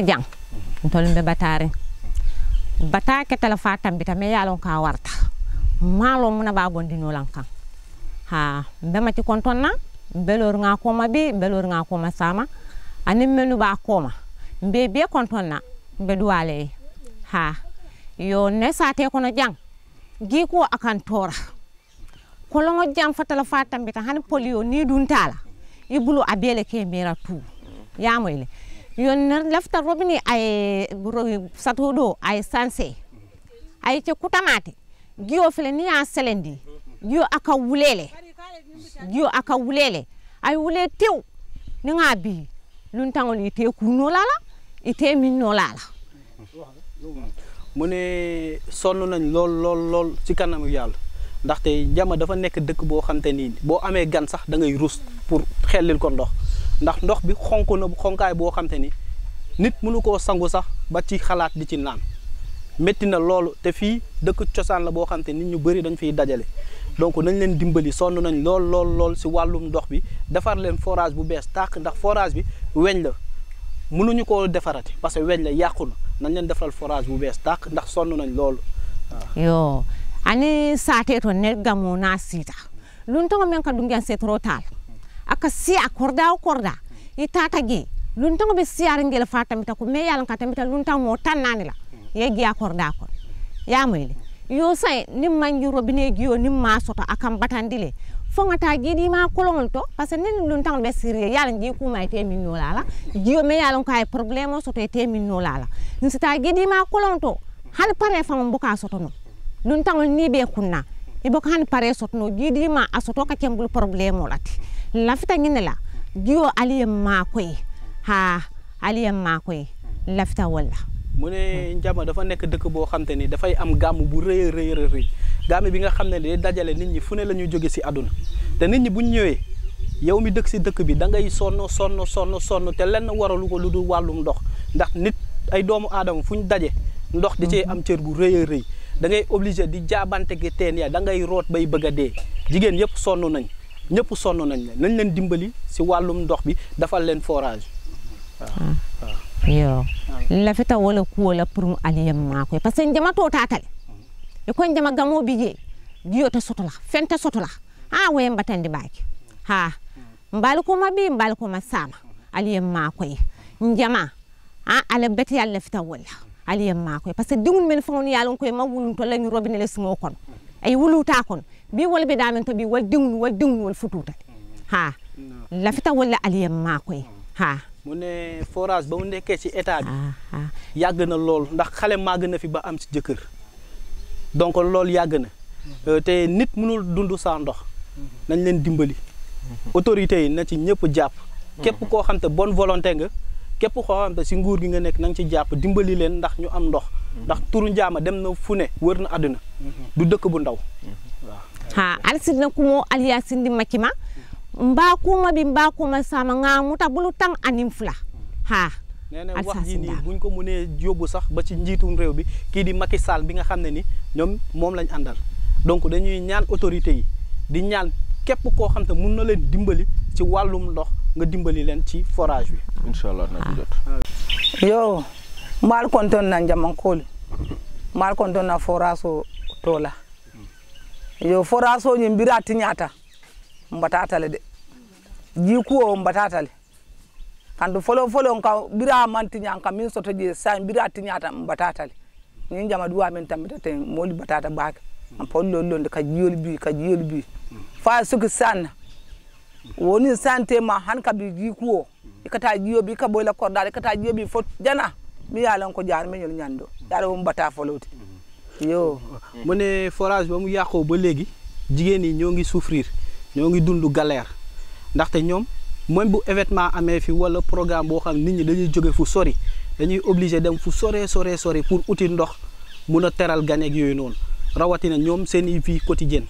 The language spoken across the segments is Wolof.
e jang tolum ɓe batari bata ketala fa tambi tame yalon ka warta malo muna ba bondinolan kan ha mbe mati konton na mbe lor nga koma bi mbe lor nga koma sama ani menu ba koma mbe be konton na mbe duwale ha yo ne sate kono jang gi ko akan tora kolongo jam fatala fa tambi tan han polio ni dun tala ibulu abele ke mera tu yamoyle yonner lefta robini ay satuɗo ay sanse ay ce kutamate giyo fele ni ya selendi giyo aka wulele giyo aka wulele ay wule tew ni ga bi luntaŋol ite kuno lala ite min no lala mu ne sonn nañ lool lool lool ci kanamu yàlla ndaxte jama dafa nekk dëkk boo xam te nii boo amee gan sax da ngay rus pour xellil ko ndox ndax ndox bi xonk na bu xonkaay boo xam te ni nit mënu koo sangu sax ba ci xalaat di ci naan métti na loolu te fii dëkk cosaan la boo xam te nit ñu bëri dañ fiy dajale donc nañ leen dimbali sonn nañ lool lool lool si wàllum ndox bi defar leen forage bu bees tàq ndax forage bi weñ la mënuñu koo defarati parce que weñ la yàqu na nañ leen defaral forage bu bees tàkk ndax sonn nañ loolu yo ani saate to ne gamu naa siita lun togo men ka dungan setoro taal aka si a korda o korda i tata ge luntaŋo be siyaringel fa tamita ko me ye lanka tamita luntaŋo wo la ye gi a korda kono ye a moyi le yo saŋ niŋ manjuro bine giyo soto a batandi le fo ŋa taa jii diimaa koloŋol to parce que a loŋ buka soto no luntaŋol niŋ be kunna i hani paree soto no jii diima a soto ka kembulu probléme la ti lafita nginela giyo aliye makoy ha aliye makoy lafita wala mu ne Njama dafa nekk dëkk boo xam te ni dafay am gàmm bu rëy rëy rëy gàmm bi nga xam ne dajale nit ñi fu ne la ñuy jóge si àdduna te nit ñi bu ñu ñëwee yow mi dëkk si dëkk bi da ngay sonn sonn sonn sonn te lenn waralu ko lu dul wàllum ndox ndax nit ay doomu aadama fu ñu daje ndox di cee am cër bu rëy rëy da ngay obligé di jaabante gi teen ya da ngay root bay bëgg a dee jigéen yëpp sonn nañ ñëpp sonn nañ leen nañ dimbali si wàllum ndox bi dafal leen forage hmm. waaw waaw yo lafita wala kuwola pour mu aliyam makoy par ce que jama to tatale e hmm. kon jama gamo bije jiyo soto sotola fente sotola ah, ha waye hmm. mbatandi baki ha mbali ko mabi mbali ko masama aliyam makoy jama a ala beti yalla fita wala aliyam makoy par ce que dingun men fawni yalla ko ma wulun to lañu robine le sumo kon ay wuluta kon ɓi wolɓe ɗamen to ɓi wol dewnu wol dewnuwol fututat ha lafita wolla aliyam makoye ha mu ne forage ba mu nekkee ci état bi yàgg na lool ndax xale màgg na fi ba am ci jëkkër donc loolu yàgg na mhm. euh, te nit mënul dund sans ndox mhm. nañ leen dimbali mhm. autorités yi na ci ñëpp jàpp képp koo xam te bonne nga képp koo xam te si nguur gi nga nekk na nga jàpp dimbali leen ndax ñu am ndox ndax turu njaama dem na fu ne wër na àdduna du dëkk bu ndaw ha alsidna kumo aliya sindi makima mba kuma bi mba kuma sama ngamuta bulu tang anim fula ha nee wax ji nii buñ ko mënee yóbbu sax ba ci njiitum réew bi kii di maki Sall bi nga xam ne ni ñoom moom lañ àndal donc dañuy ñaan autorité yi di ñaan képp koo xam te mun na leen dimbali ci wàllum ndox nga dimbali leen ci forage bi. incha allah na ci jot. yow maal kontoon na njamankool maal kontoon na forage o yo foraso ñin bira tiñata mbatatale de jikuwo mbatatale kandu folo folo ka bira man tiñan ka min soto je sa bira tiñata mbatatale ñin jama duwa min tambita te moli batata baake an pon lollonde ka jiyol bi ka jiyol bi fa suki sanna woni sante ma han kabi jikuwo ikata jiyo bi ka boyla kordade ikata jiyo bi fo jana mi yalan ko jaar meñol ñando won bata folowti yow mu ne forage ba mu yàqoo ba léegi jigéen ñi ñoo ngi suufriir ñoo ngi dund galeer ndaxte ñoom même bu évétement amee fi wala programme boo xam nit ñi dañuy joge fu sori dañuy obligé dem fu sore sore sori pour uti ndox mun a teral ganeeg yooyu noonu rawatina ñoom seen i vie quotidienne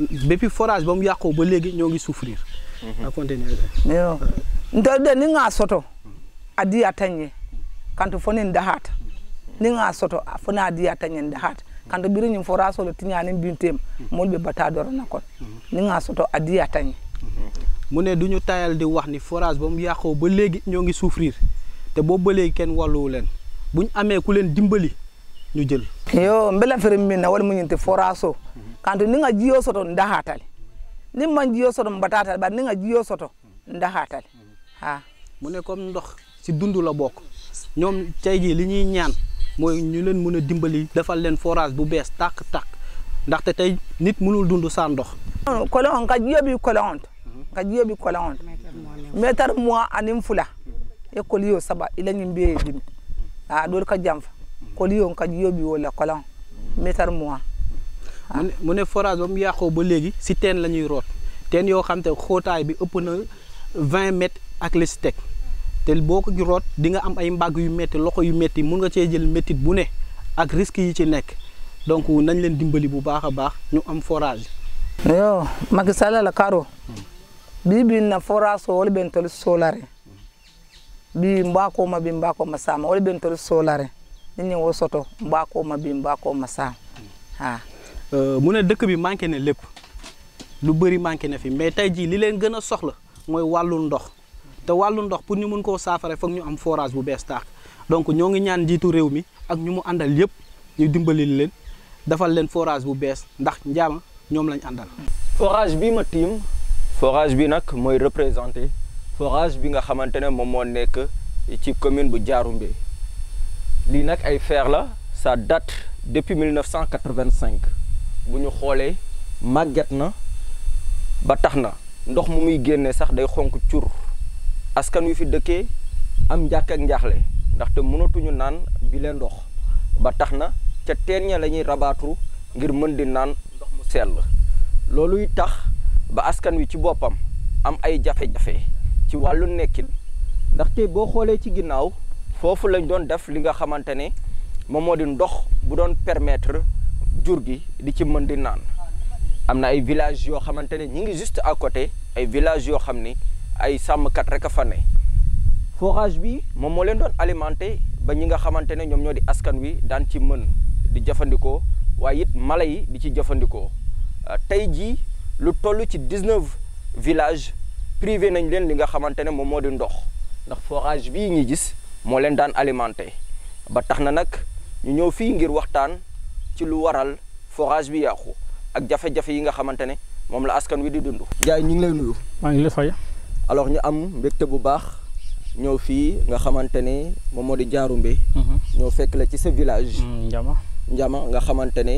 depuis forage ba mu yàqoo ba léegi ñoo ngi souffrir. a mhm. continuer yo ntol soto a di a tañe kanto fo nin dahata ninga soto fona diya tañende haata kanto ɓiri ñum fora solo tiñanin bintem molɓe bata dorona kon ninga soto a diya tañe mu ne du ñu tayal di wax ni forage ba mu yàqoo ba léegi ñoo ngi souffrir te boobu ba léegi kenn wàlluwu leen buñ amee ku leen dimbali ñu jël yo mbela fere min na wala muñinte forage o kanto ninga jiyo soto ndahatale nin ma jiyo soto mbatatale bar ninga jiyo soto ndahatale ha mu ne comme ndox si dund la bokk ñoom tey jii li ñuy ñaan mooy ñu leen mën a dimbali defal leen forage bu bees tàkk tàq ndaxte tey nit mënul dund sans ndox. kolon ka jiyobi kolon ka jiyobi kolon mètre mois anin fula e saba ila ñin ka jamfa koliyo ka jiyobi wala kolon mhm. mois mu ne forage ba mu yàqoo ba léegi si teen la ñuy root teen yoo xam te bi ëpp na vingt ak la si te boo ko ci root di nga am ay mbàgg yu métti loxo yu métti mun nga cee jël méttit bu ne ak risque yi ci nekk donc nañ leen dimbali bu baax a baax ñu am forage yo Macky Sall la karo bii bi na forage o wole ɓen tol solare bi mbakoma bi mbakoma sama wole ɓen tol solare ni ñi wo soto mbakoma bi mbakoma sama ha euh, mu ne dëkk bi manqué ne lépp lu bëri manqué na fi mais tey jii li leen gën a soxla mooy wàllu ndox te wàllu ndox pour ñu mën koo saafara foog ñu am forage bu bees taax donc ñoo ngi ñaan njiitu réew mi ak ñu mu àndal yëpp ñu dimbali leen defal leen forage bu bees ndax njaama ñoom lañ àndal. forage bi ma tiim forage bi nag mooy représenté forage bi nga xamante ne moom moo nekk ci commune bu Diaroumbé lii nag ay fer la ça date depuis 1985 bu ñu xoolee màgget na ba tax na ndox mu muy génnee sax day xonk cur. askan wi fi dëkkee am njàkk ak njaaxle ndaxte mënatuñu naan bi ndox ba tax na ca teen ña la ñuy rabaatru ngir mën di naan ndox mu la looluy tax ba askan wi ci boppam am ay jafe-jafe ci wàllu nekkin ndaxte boo xoolee ci ginnaaw foofu lañ doon def li nga xamante ne moom moo di ndox bu doon permettre jur gi di ci mën di naan am na ay village yoo xamante ne ñi ngi juste à côté ay village yoo xam ni ay sàmmkat rek a fa forage bi moom moo leen doon alimenté ba ñi nga xamante ne ñoom ñoo di askan wi daan ci mën di jëfandikoo waaye it mala yi di ci jëfandikoo euh, tey jii lu toll ci 19 village privé nañ leen li nga xamante ne moom moo di ndox ndax forage bii ñuy gis moo leen daan alimenté ba tax na nag ñu ñëw fii ngir waxtaan ci lu waral forage bi yàqu ak jafe-jafe yi nga xamante ne moom la askan wi di dund. jaay ñu ngi lay nuyu. maa ngi lay fay. alors ñu am mbégte bu baax ñëw fii nga xamante ne moom moo di Diaroumbé mhm. ñoo fekk la ci sa village mm, njama nga xamante ne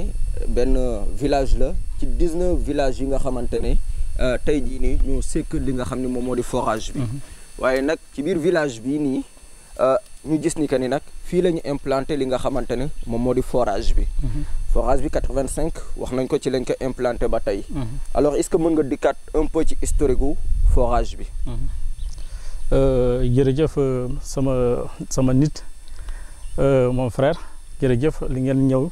benn village la ci 19 villages yi nga xamante ne euh, tey jii nii ñoo sekk li nga xam ne moom moo di forage mhm. waaye nag ci biir village bii nii euh, ñu gis ni que ni nag fii la ñu implanté li nga xamante ne moom moo di forage bi mhm. forage bi 85 wax nañ ko ci lañ ko implanté ba tey alors est-ce mën nga dikkaat un peu ci historique forage bi. Euh, jërëjëf euh, sama sama nit euh, mon frère jërëjëf li ngeen ñëw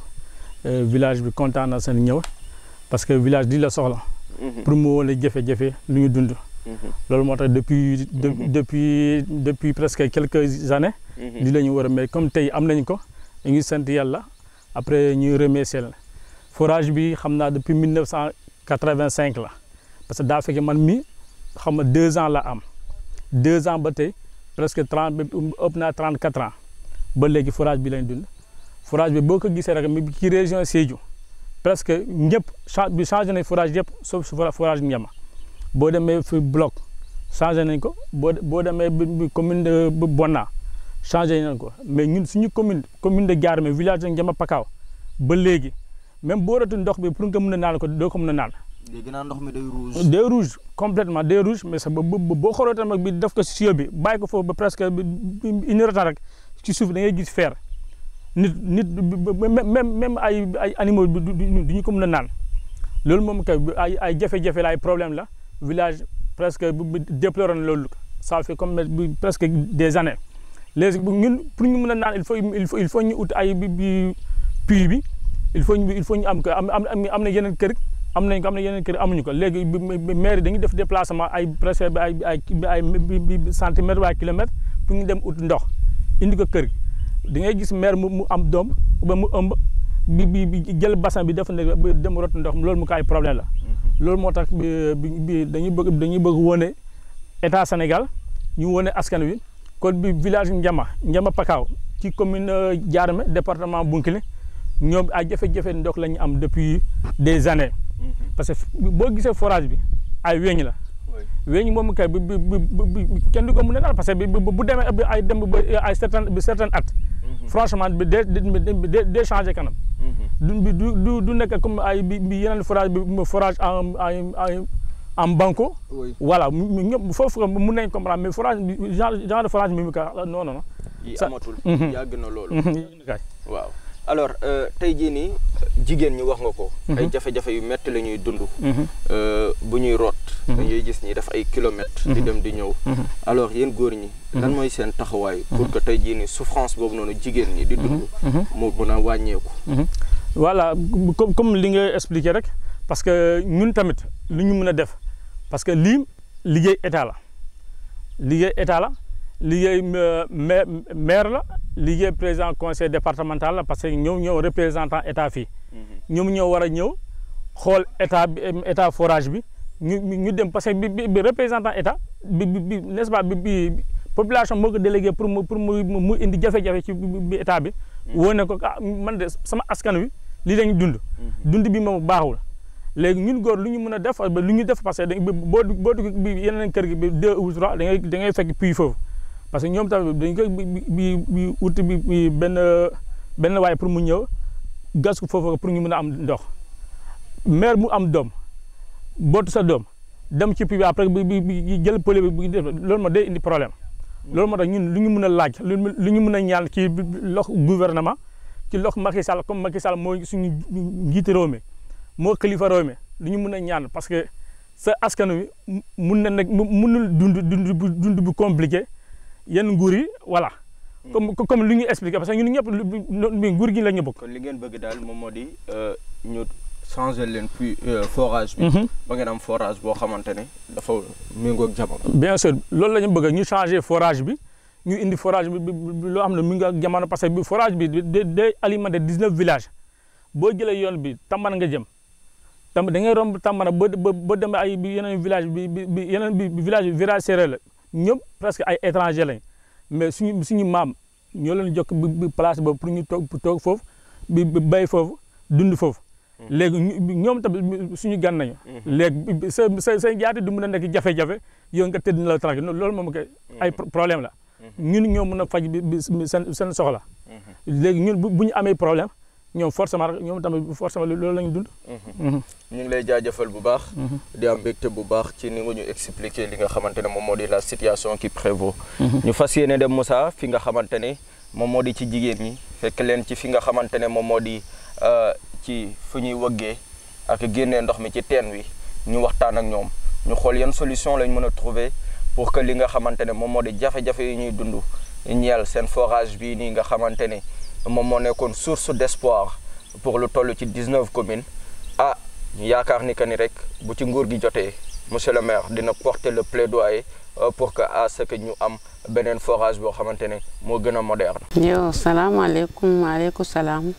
village bi kontaan na seen ñëw parce que village di la soxla. Mhm. pour mu wala jafe-jafe lu ñu dund. Mhm. loolu moo tax depuis mhm. depuis depuis presque quelques années. di la ñu war a mais comme tey am nañ ko ñu ngi sant yàlla après ñu remercier la forage bi xam naa depuis mille neuf cent quatre-vingt-cinq la parce que daa fekkee man mi xam nga deux ans la am deux ans ba tey presque trente ëpp naa trente quatre ans ba léegi forage bi lañ dund forage bi boo ko gisee rek mi ci région Sédhiou presque ñëpp bi changé nañ forage yëpp sauf forage Ndiama boo demee fi bloc changé nañ ko boo boo demee bi commune de Bonna change nañ ko mais ñun suñu commune commune de Diarmé village de Ndiama Pakaaw ba léegi même boo ratu ndox bi pour nga a naan ko doo ko mën a naan léegi naa ndox mi day rouge. day rouge complètement day rouge mais sa ba boo xoolee tamit bi def ko si sio bi bàyyi ko foofu ba presque une heure rek ci suuf da ngay gis fer nit nit même même ay ay animaux du ñu ko mën a naan loolu moom kay ay ay jafe-jafe la ay problème la village presque bu déploré na loolu ça fait comme presque des années léegi ñun pour ñu mën a naan il faut il faut il faut ñu ut ay bi puits bi il faut ñu am faut ñu am am am na yeneen kër. am nañ ko am na yeneen kër amuñu ko léegi maire dañuy def déplacement ay presque ay ay ay centimètres waaye kilomètre pour ñu dem ut ndox indi ko kër da ngay gis maire mu am doom ba mu ëmb bi bi jël bassin bi def ne dem rot ndox loolu mu kaay ay problème la. Mhm. loolu moo tax bi dañuy bëgg dañuy bëgg wone état Sénégal ñu wone askan wi kon bi village Ndiama njama pakaw ci commune euh, Diarmé département Bounkiling ñoom ay jafe-jafe ndox la ñu am depuis des années. Mhm. parce que boo gisee forage bi ay weñ la. weñ moom kay bi bi bi kenn du ko mën a daal parce que bi bu demee bi ay dem ba ay certain bi certain at. Mhm. franchement bi day day changé mhm. du du nekk comme ay bi yeneen forage bi forage en en en banco. voilà ñoom foofu mën nañ comprendre mais forage genre genre de mi mu ka non non alors euh, tey jii nii jigéen ñi wax nga ko. Mhm. ay jafe-jafe yu metti la ñuy dund. Mhm. Euh, bu ñuy root. Mhm. dañuy gis ñi def ay kilomètres. di dem di ñëw. alors yéen góor ñi. lan mooy seen taxawaay. pour que tey jii nii souffrance boobu noonu jigéen ñi di dund. mu mën a wàññeeku. voilà comme comme li nga expliqué rek parce que ñun tamit lu ñu mën a def parce que lii liggéey état la liggéey état la. liggéey euh, maire la liggéey président conseil départemental la parce que ñoom ñoo représentant état fii mhm. ñoom ñoo war a ñëw xool état bi euh, état forage bi ñu ñu dem parce que bi bi représentant état bi bi n'est-ce pas bi bi population moo ko délégué pour mu pour mu mu indi jafe-jafe ci bi état bi. Mhm. woo ne ko ah man de sama askan wi lii dañu dund. Mhm. dund bi moom baaxul. léegi ñun goor lu ñu mën a def ba lu ñu def parce que boo boo dugg bi yeneen kër gi bi deux ou trois da ngay da ngay fekk puits foofu. parce que ñoom tamit dañ koy bi bi ut bi benn benn waaye pour mu ñëw gas ko foofu pour ñu mën a am ndox maire mu am doom bootu sa doom dem ci bi après bi bi jël pële bi def loolu ma day indi problème. loolu ma tax ñun lu mën a laaj lu ñu mën a ñaan ki lox gouvernement ci lox Macky Sall comme Macky Sall mooy suñu njiit réew mi moo kilifa réew mi lu ñu mën a ñaan parce que sa askan wi mun na nag munul dund dund bu dund bu compliqué. yenn nguur yi voilà. comme comme li ñu expliqué parce que ñun ñëpp lu nguur gi la ñu bokk. kon li ngeen bëgg daal moom di euh, ñu changer leen puis euh, forage bi. Mhm. ba ngeen am forage boo xamante ne dafa méngóog jamono. bien sûr loolu la ñu bëgg ñu changer forage bi ñu indi forage bi loo xam ne mi ngi ak jamono parce que forage bi day day alimenté dix boo jëlee yoon bi Tambane nga jëm. tam da ngay romb Tambane ba ba ba demee ay yeneen village bi bi yeneen bi village village la. ñoom presque ay étranger lañ mais suñu suñu maam ñoo leen jokk bi place boobu pour ñu toog toog foofu bi bay foofu dund foofu. Hmm. léegi ñoom tamit suñu gan nañu. Hmm. léegi sa sa sa yaati du mën a nekk jafe-jafe yoo nga tëdd na la tranquille loolu moom kay hmm. ay problème la. ñun ñoo mën a faj bi seen seen soxla. léegi ñun bu ñu amee problème. ñoom forcément rek ñoom tamit forcément loolu la ñu dund. Mhm. Mhm. ñu ngi lay jaajëfal bu baax. Mhm. di am mbégte bu baax ci ni nga ñu expliquer li nga xamante ne moom moo di la situation qui prévaut. ñu fas yéene dem Moussa fi nga xamante ne moom moo di ci jigéen ñi fekk leen ci fi nga xamante ne moom moo di euh, ci fu ñuy wëggee ak génnee ndox mi ci teen wi ñu waxtaan ak ñoom ñu xool yan solution lañ mën a trouver pour que li nga xamante ne moom moo di jafe-jafe yi ñuy dund ñeel seen forage bii nii nga xamante ne. moom moo nekkoon source d'espoir pour lu toll ci 19 communes ah ñu yaakaar ni que ni rek bu ci nguur gi jotee monsieur le maire dina porter le plaidoyer euh, pour que à ce que ñu am beneen forage boo xamante ne moo gën a moderne. yow salaamaaleykum maaleykum salaam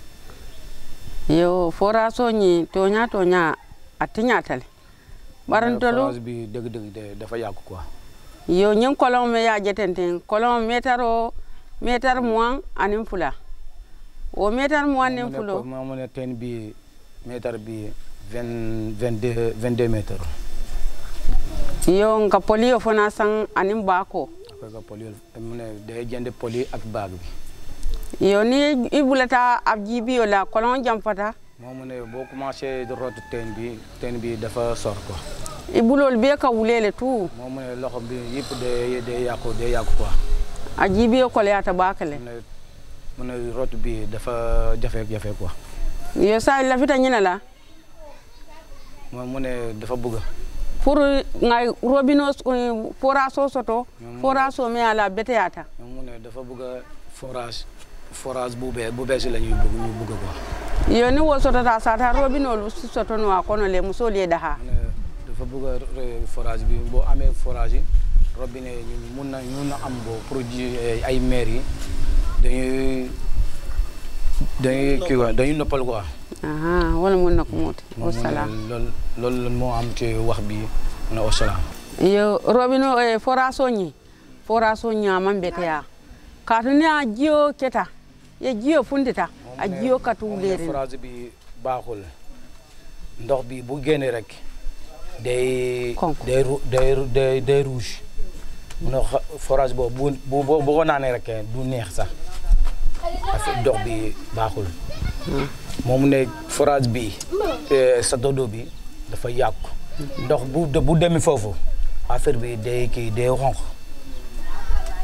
yow forage soo ñi tooñaa tooñaa ati ñaatale. barantolu forage bi dëgg-dëgg dafa yàgg quoi. yow ñun colon me yaa jëtante colon métaro fula. wo métar mo wannen fulo mamone ten bi métar bi 22 22 métre yo nka poli yo fana san anin bako akwai ka poli mune da ya jende poli ak bag bi yo ni i moo ab jibi yo la kolon jamfata bi ten bi dafa sor ko i bulol be ka wulele tu mamone loxo bi yip de yako de yako quoi a jibi yo kole ata bakale mune ne bi dafa jafe-jafe ko yow saa la fi ñu ne la. moom mu ne dafa bëgg. pour ngai robino euh, foraso soto foraso me a beteyata mu ne dafa bëgg forage forage bu bees bu bees la ñuy bëgg ñu bëgg quoi. yow ni woo sotota sata robino lu si soto no a kono le muso le daha. dafa bëgg euh, forage bi boo amee forage robine robinet mun na mun am boo produit euh, ay maire yi. dañuy dañuy kii quoi dañuy noppal quoi. wala mu nag moot. wasalaam loolu loolu moo am wax bi na wasalaam. yo robino e eh, foraso ñi foraso ñaman beteya kaatu ne a jiyo keta ye jiyo fundita a jiyo katu leerin forage bi ndox bi bu génne rek day day day day rouge bu bu bu ko rek eh, du neex sax affaire dox bi baaxul. moom ne forage bi château eh, bi dafa yàqu. ndox bu bu demee foofu affaire bi day kii day xonq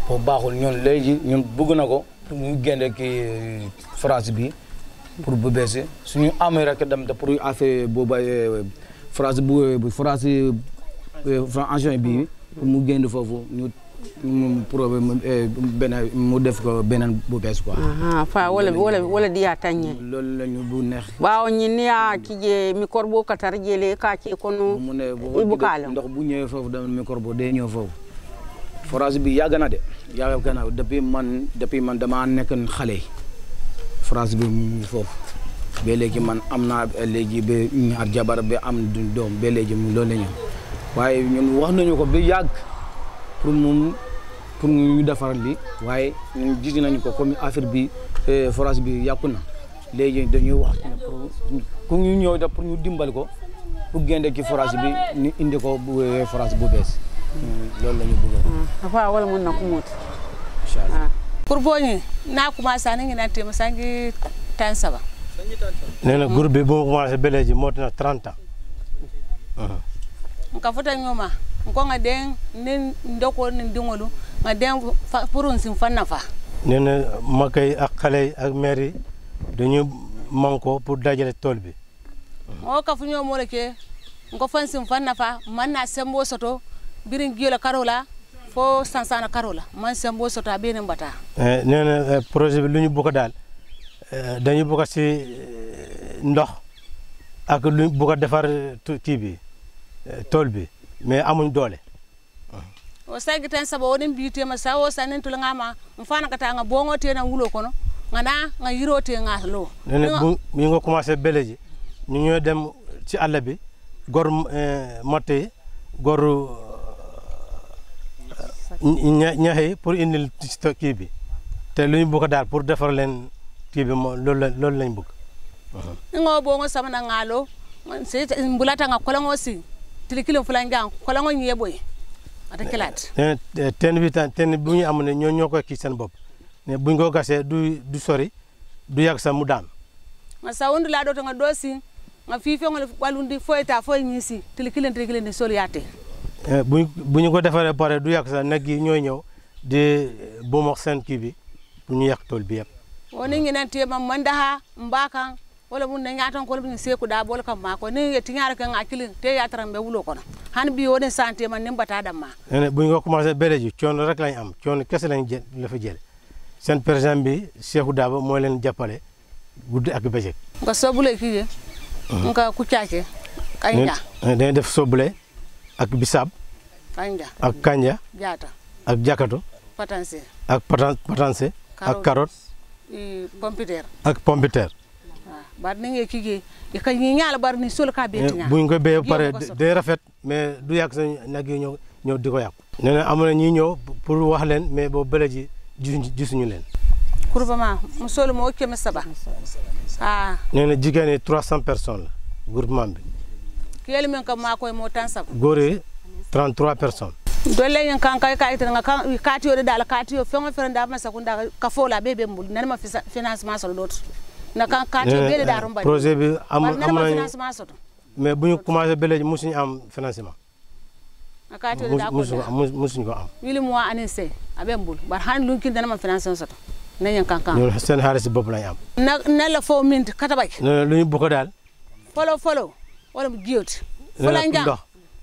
boobu baaxul ñun léegi ñun bëgg na ko pour ñu génne kii forage bi pour bu bees suñu amee rek dem te pour affaire booba forage bu eh, forage engin bi pour mu génn foofu mu problème mu eh, beneen mu def ko beneen bu bees quoi. fa wala wala wala diya tanye. loolu la ñu bu neex. waaw ñi ni yaa kije microbe katar jëlee kaa ci kon mu ne bu ndox bu ñëwee foofu dama microbe dee ñëw foofu. forage bi yàgg na de yàgg na depuis man depuis man damaa nekk xale. forage bi mu foofu. ba léegi man am na léegi ba ñaar jabar ba am doom ba léegi loolu la ñu waaye ñun wax nañu ko ba yàgg. pour moom pour ñu defaral li waaye ñu gis nañu ko comme affaire bi eh, forage bi yàqu na léegi dañuy wax pour ku ñu ñëw da pour ñu dimbali ko pour génne ci forage bi ñu indi ko eh, forage bu bees hmm, loolu la ñu bëggoon. Hmm, wala mën na ko muut. incha ah. pour boo ñëwee naa commencé ni ngi naan téeméer saa ngi tan saba. nee na groupe bi boo commencé ba léegi moo dina 30 ans. Hmm. nga foto ñoo ma. nko nga den ne ndoko ne dingolu nga den purun sin fanna fa nee na makay ak xale ak maire yi dañu manko pour dajale tool bi o kafu ñoo mo ke nko fan sin fanna fa man na semboo soto birin giola karola fo sansana karola man sembo soto benen bata eh, nee na eh, projet bi lu ñu bëgg daal eh, dañu bëgg a ndox ak lu bëgg defar kii bi tool bi mais amuñ doole o saygi tan saabu oɗen mbiyetema sawo sanen tula gama um fana kata ga bogo tena wuulo kono gana ga yiro te ga lo nene min go commencé beleji ñu ñoo dem ci àll bi gor eh, motte yi eh, ñax yi pour indil kii bi te lu ñu daal pour defar leen kii bi moom loolu loolu lañ bëgg. ni nga ko boog sama na ngaa loo mbulata nga kolo nga tili kilo fulan jang kolongo ñiye boy ata eh, kilaat eh, eh, ten bi tan ten bu ñu am ne ñoo ñoo koy kii seen bopp ne buñ ko gasee du du sori du yàgg sa mu daan nga sawundu laa doota nga doosi nga fii fio ngol walundi foy ta foy ñi si tili kilen tili kilen ni solu yaate buñ bu ñu ko defaree pare du yàgg sa nag yi ñooy ñëw di bomox seen kii bi pour ñu yàq tool bi yëpp woni ñeneen wala mun ne ñatan ko bin se ku da bol kam ma ko ne tiñara kan akili te ya taram be wulo kono han bi woni santé man nim bata dam ma ne buñ ko commencé béré ji coono rek lañ am coono kese lañ jël la fa jël seen président bi Cheikhou Daba moo leen jàppale guddi ak bëccëg nga soble kii uh-huh. nga kuccaace kanja dañ def soble ak bisaab kanja ak kanja jaata ak jakato patanse ak patanse ak ak pompiteer bari na ngay i ka ñaala bari ni sol ka bee ñaala buñ ko bee pare day rafet mais du yàgg sa nag yi ñëw ñëw di ko yàqu nee na am na ñuy ñëw pour wax leen mais boobu bële ji gisuñu leen groupement mu solu moo occome saba ah nee na jigéen yi trois cent personnes la groupement bi kiyelu men kam maa koye moo tan saba góor yi trente trois personnes dolle ñen kan kay kay tan ka kaati yo dal kaati yo fengo fere nda ma sakunda ka fola be be mbul nan ma financement solo dootu na kan quartier eh, bele eh, daaru mbaɗi projet bi am am soto mais bu ñu commencé ba léegi musuñu am financement a quartier de d'accord musuñu ko am wili mo anise abe mbul bar han lunkin dana ma financement soto nañu kankan ñun seen xaalis bopp lañu am na na la fo mint katabay lu ñu bokk daal folo folo wala mu jiyot fula njang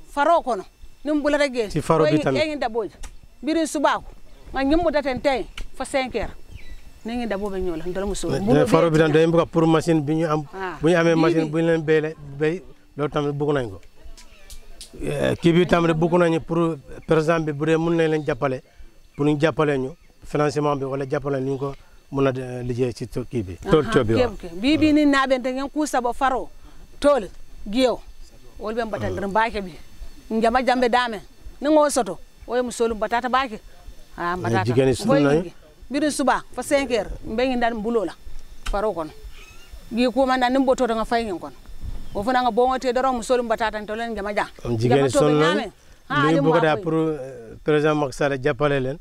faro kono nim bula rege ci faro bi tamit ngi daboji biri subaaku ma ñum date tey fa 5 heures ni ngeen da boobee ñoo la dara musul faro bi tam dañu bëgg pour machine bi ñu am ah. bu ñu amee machine bu ñu leen béyle béy loolu tamit bëgg nañ ko eh, kii bi tamit bëgg nañu pour président bi bu dee mun nañ leen jàppale pour ñu jàppale ñu financement bi wala jàppale ñu ko mën a eh, liggéey ci kii bi tool coo bi waaw bii bii ni naaɓente ngeen kuusabo faro tool giyew wol ɓe mbatta nder baake bi jama jambe damen ni ngoo soto oye mo solum batata baake ha ah, batata eh, jigéen sunna biri suba fa 5 heures mbe ngi dan mbulo la faro kono gi kuma nan nimbo to nga fay ngi kono o fana nga bongo te daro musol mbatata to len jama ja am jigen son nan ni bu da pour euh, président Macky Sall jàppale leen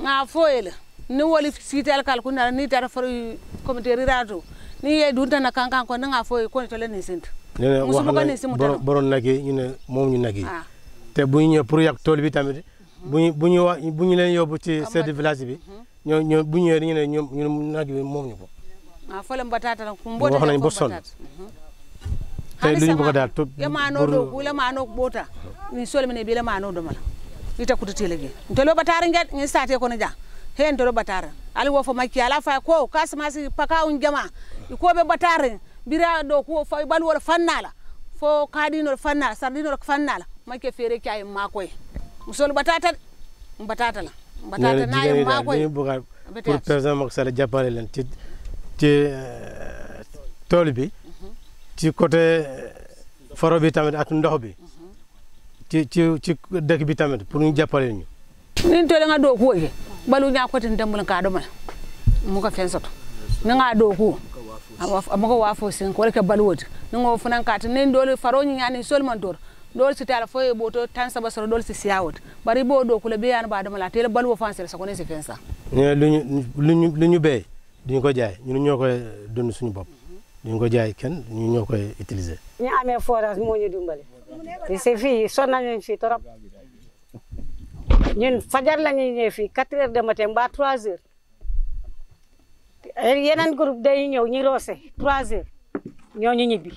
nga foyele ni woli sitel kal kun ni tara faro comité rirato ni ye dunta na kankan ko nga foy ko to len ni sint ne wax na borom nag yi ñu ne moom ñu nag yi ah. te bu ñu ñëw pour yàq tool bi tamit bu ñu bu ñu bu ñu leen yóbbu ci chef de village bi mhm. ñoo ñoo bu ñëwee dañu ne ñoom ñun naaj bi moom ñu ko. ah fële mbatata nag. mboota wax nañ ba sonn mhm. tey duñu bëgg daal tout. yamaanoo do wula maanoo boota. min ta bi la maanoo domala ita kututile ge ntolo batari nge ngi sate kono ja he ntolo batari ali wo fo makki ala fa ko kasmasi la un jama ko be batari bira do ko fa bal wor fannala fo kadino fannala sardino fannala makke fere kay makoy musol batata la bataata naa yem maa koy bëgg a pour président Macky Sall jàppale leen ci euh, bi mhm. ci côté euh, faro bi tamit ak ndox bi mhm. ci ci dëkk bi tamit pour ñu jàppale ñu nin tole nga doo kuwo ke balu ñaa kotin dembul kaa doma mu ka fen soto ni nga doo kuwo amako waafo sin ko rek balu wodi ni nga funan kaati nin dole faro ñi ñaani sol man tor dol si tala foye boto tan saba soro dol si siyawot bari bo do kula beyana ba dama la tele balwo fansel sa konen si fensa ñu luñu luñu bey duñ ko jaay ñun ñoo koy dund suñu bopp mhm. duñ ko jaay kenn ñu ñoo koy utiliser ñu amee forage moo ñu dimbali te c'est fii sonn nañu fii trop ñun fajar la ñuy ñëw fii quatre heures de matin mbaa trois heures yeneen groupe day ñëw ñu roose trois heures ñoo ñu ñibbi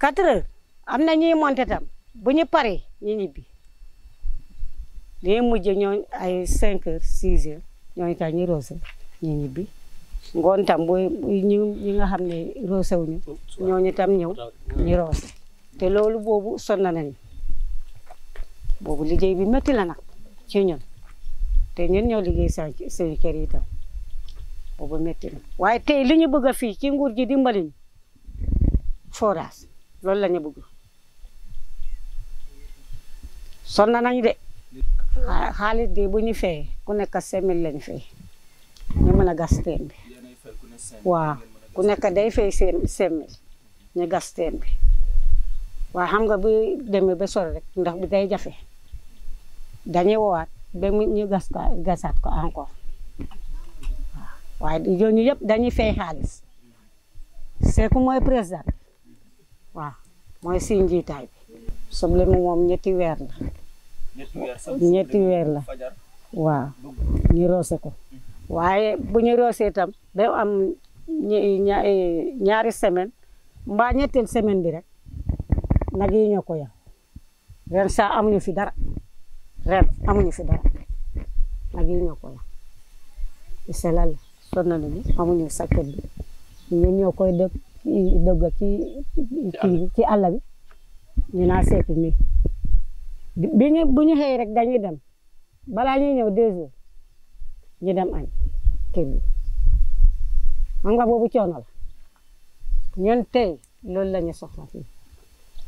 quatre heures am na ñuy monté tam bu ñu paree ñu ñibbi dañuy mujj ñoo ay cinq heures six heures ñooñu tam ñu roose ñibbi ngoon tam bu ñu ñi nga xam ne roose wuñu ñooñu tam ñëw ñu roose te loolu boobu sonn nañu boobu liggéey bi métti la nag ci ñun te ñun ñoo liggéey sa seen kër tam boobu métti na waaye tey li ñu bëgg a fii ci nguur gi dimbaliñ forage loolu la ñu bëgg sonn nañu de xaalis de bu ñu fay ku nekk semil lañ fay ñu mën a gas teen bi ku nekk day fay semil ñu gas teen bi waaw xam nga bu deme ba sori rek ndax bi day jafe dañuy woowaat ba ñu gas ko gasaat ko encore waaw waaye ñooñu yëpp dañuy fay xaalis seeku mooy président waaw mooy si njiitaay bi soble mu moom ñetti weer la ñetti weer la waaw ñu ko waaye bu ñu roose itam ba am eh, ñaari semaine mbaa ñetteel semaine bi rek nag yi ñoo ko yam ren saa amuñu fi dara ren ñu fi dara nag yi ñoo ko yam iselal sonn nañu amuñu sakket bi ñun ñoo koy dëgg dëgg ci ci àll bi ñu naa seeti bi ñu bu ñu xëyee rek dañuy dem balaa ñuy ñëw deux jours ñu dem añ kër gi xam nga boobu coono la ñun tey loolu la ñu soxla fii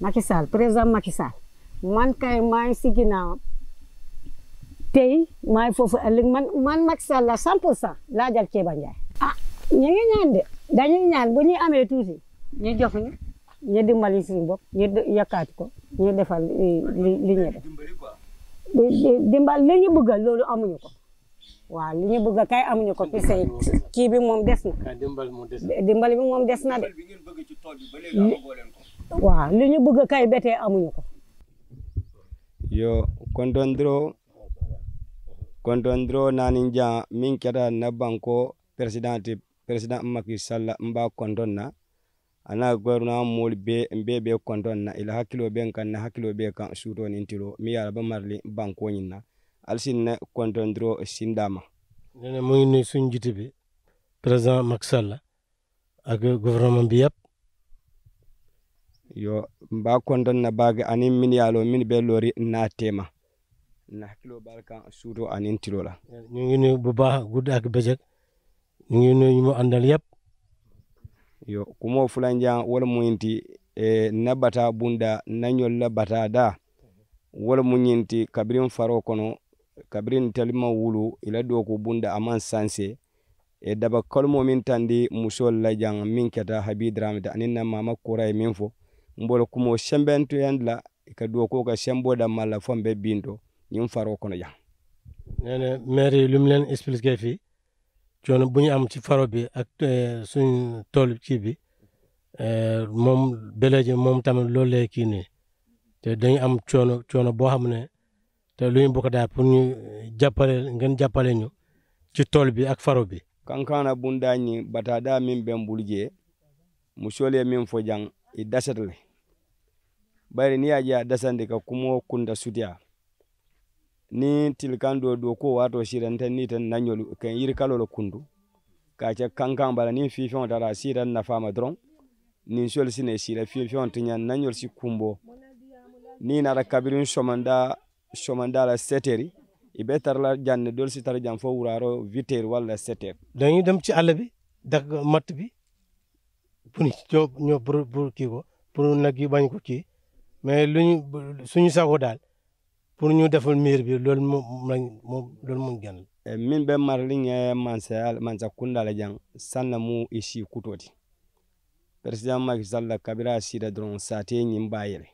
Macky Sall président Macky Sall man kay maa ngi si tey maa ngi foofu ëllëg man man Macky Sall la cent pour cent laa jal Keba Ndiaye ah ñu ngi ñaan de dañuy ñaan bu ñuy amee tuuti ñu jox ñu ñu dimbali suñu bopp ñu yàkkaati ko ñu defal eh, li li ñu def loolu amuñu ko waaw li ñu bëgga kay amuñu ko parce que kii bi moom des na ah, dimbal bi moom des na de waaw li ñu bëgga kay betee amuñu ko yo kontondoro kontondoro nanin ja min keta na banko président président Macky Sall mba konton na ana gbaru na mol be be be kondon na ila hakilo be kan na hakilo be kan suto nin tilo mi yala ba marli banko nyin na alsin na kondon dro sindama nene mu ngi nuyu suñu jiti bi président Macky Sall ak gouvernement bi yëpp yo mba kondon na bagi anin min yalo min be lori na tema na hakilo bal kan suto anin tilo la ñu ngi nuyu bu baax guddi ak bëccëg ñu ngi nuyu ñu mu àndal yëpp yo kumo fulanjan wala muyinti e nabata bunda nañolla bata da wala muñinti kabirin faro kono kabirin talima wulu ila doku bunda aman sanse e daba kalmo min tandi musol la jan min keta habidramita anin na mama kura e min fo mbolo kumo sembentoyandi la ka doko ka semboɗa malla fo n be binto ñin faro kono jan nene maire lum len fii coono bu ñu am ci faro bi ak e, suñ tool kii bi e, moom béleji moom tamit loolu kii nii te dañu am coono coono boo xam ne te lu ñu bokk daal pour ñu jàppale ngeen jàppale ñu ci tool bi ak faro bi kankana bundañi batada min ben bulje musole min fo jang i dasatle bari ni yaji a dasandi ka kumo kunda sutiya ni tilkan do do ko wato shiran tan ni tan nanyol kan yir kalolo kundu ka ce kankan bala ni fi fion dara siran na fama dron ni sol sine sira fi fion tinya nanyol si kumbo ni na da kabirin somanda somanda la seteri ibe tarla janne dol si tar jam fo wuraro viter wala seter dañu dem ci àll bi dak matt bi pour ñoo ñoo pour pour kii ko pour nag yi bañ ko kii mais luñu suñu sago daal pour ñu defal miir bi loolu moom moom loolu moom gën eh, min be marli mansa mansa kunda la jan mu isi kuto di president Macky Sall la kabira sida dɔrɔn sate ɲin b'a yɛlɛ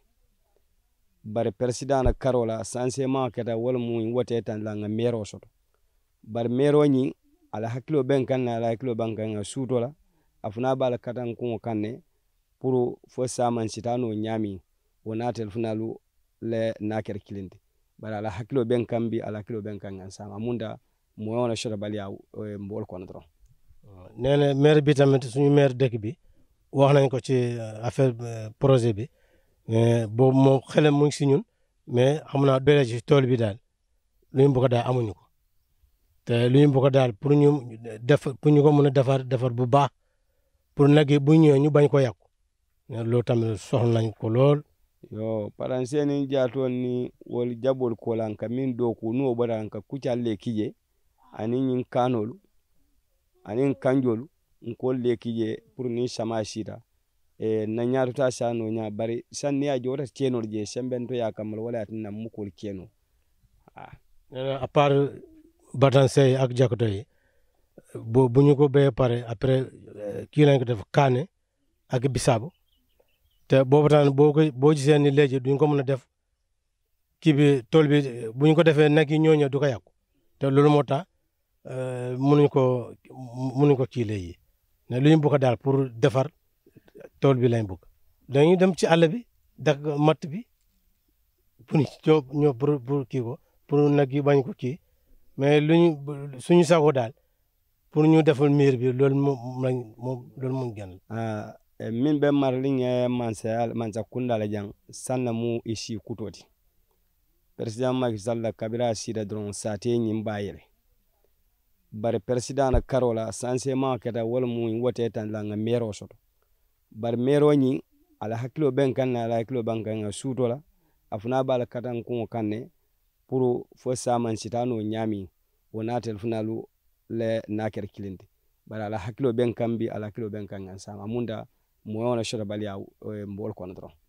bari president na karo la sanse ma kɛta walimu in wote tan la ŋa mɛrɔ sɔrɔ bari mɛrɔ ɲin ala hakilo bɛ kan na ala hakilo ban kan ŋa su la a fana b'a la kata kuŋo ne pour fo saman sita n'o ɲaami o n'a telefona lu lɛ n'a kɛra kilindi bari ala hakkilo ben kan bi ala hakkilo ben kan kan sama munda moyo na shota baliya e, mbol kono dron nee na maire bi tamit suñu maire dëkk bi wax nañ ko ci euh, affaire euh, projet bi boobu moom xelam mu ngi si ñun mais xam naa doole ci tool bi daal lu ñu bëgg daal amuñu ko te lu ñu bëgg daal pour ñu def ñu ko mën a defar defar bu baax pour nag yi bu ñëwee ñu bañ ko yàqu loolu tamit soxla nañ ko lool yo paranse nin jaton ni wol jabol kolanka min doku nuwo baranka kucal le kije anin yin kanolu anin kanjolu nkol le kije pour nin sama sita e na ñatuta sano ña bari sanni ya jota kenol je sembento ya kamal wala tinna mukol keno ah. a e, part batanse ak jakoto yi bu ñu ko béyee pare après e, kii lañ ko def kaane ak bisaabu te boobu tamit boo ko boo gisee ni léegi duñ ko mën a def kii bi tool bi buñ ko defee nag yi ñooñu du ko yàqu te loolu moo tax euh, mënuñ ko mënuñ ko kii léegi ne lu ñu bëgg daal pour defar tool bi lañ bëgg. dañuy dem ci àll bi dagg matt bi pour ñoo kii ko pour nag yi bañ ko kii mais luñu suñu sago daal pour ñu defal miir bi loolu moom lañ moom loolu moom gën min ɓe marliŋe mansa mansa kundala jaŋ sanna mu isi kutoti président Macky Sall kabira sida dɔrɔn sate ñiŋ b'a yele bari président na karo la sanse ma kɛta wala mu wote tan la ŋa meero soto bari meero ñiŋ ala hakkilo ben kaŋ na ala hakkilo ben kaŋ ŋa suuto la a fana b'a la kataŋ kaŋ ne pour fo saman sitano ñaami wo naatel funalu le naakere kilinti bari ala hakkilo ben kaŋ bi ala hakkilo ben kaŋ ŋa sama munda moyo na shara bali eh, mbol kwa nadron